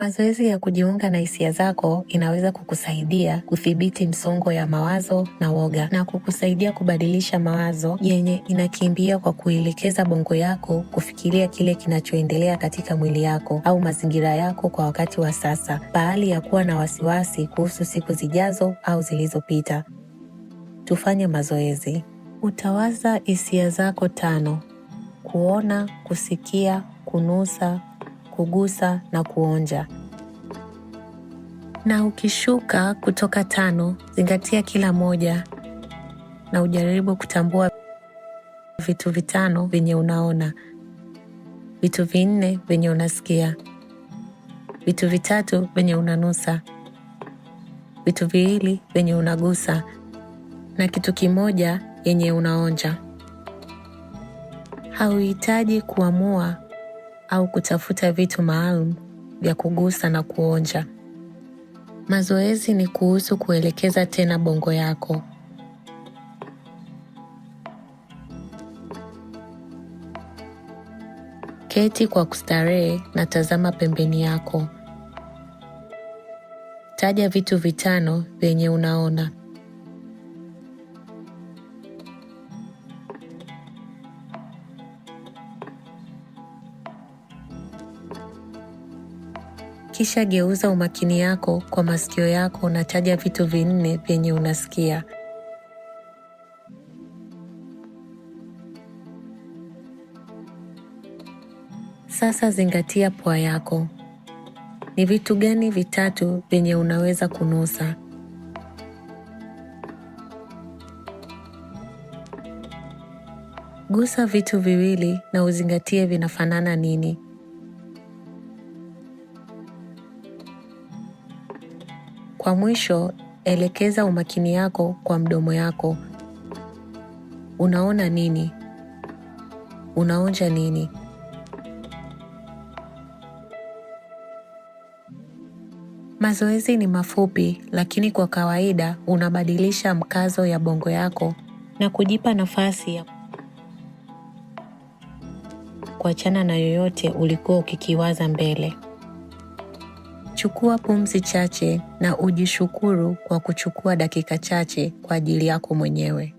Mazoezi ya kujiunga na hisia zako inaweza kukusaidia kudhibiti msongo ya mawazo na woga na kukusaidia kubadilisha mawazo yenye inakimbia kwa kuelekeza bongo yako kufikiria kile kinachoendelea katika mwili yako au mazingira yako kwa wakati wa sasa, bahali ya kuwa na wasiwasi kuhusu siku zijazo au zilizopita. Tufanye mazoezi. Utawaza hisia zako tano: kuona, kusikia, kunusa, kugusa na kuonja. Na ukishuka kutoka tano, zingatia kila moja na ujaribu kutambua vitu vitano vyenye unaona, vitu vinne vyenye unasikia, vitu vitatu vyenye unanusa, vitu viwili vyenye unagusa na kitu kimoja yenye unaonja. Hauhitaji kuamua au kutafuta vitu maalum vya kugusa na kuonja. Mazoezi ni kuhusu kuelekeza tena bongo yako. Keti kwa kustarehe na tazama pembeni yako. Taja vitu vitano vyenye unaona. Kisha geuza umakini yako kwa masikio yako na taja vitu vinne vyenye unasikia. Sasa zingatia pua yako. Ni vitu gani vitatu vyenye unaweza kunusa? Gusa vitu viwili na uzingatie vinafanana nini. Kwa mwisho, elekeza umakini yako kwa mdomo yako. Unaona nini? Unaonja nini? Mazoezi ni mafupi, lakini kwa kawaida unabadilisha mkazo ya bongo yako na kujipa nafasi ya kuachana na yoyote ulikuwa ukikiwaza mbele. Chukua pumzi chache na ujishukuru kwa kuchukua dakika chache kwa ajili yako mwenyewe.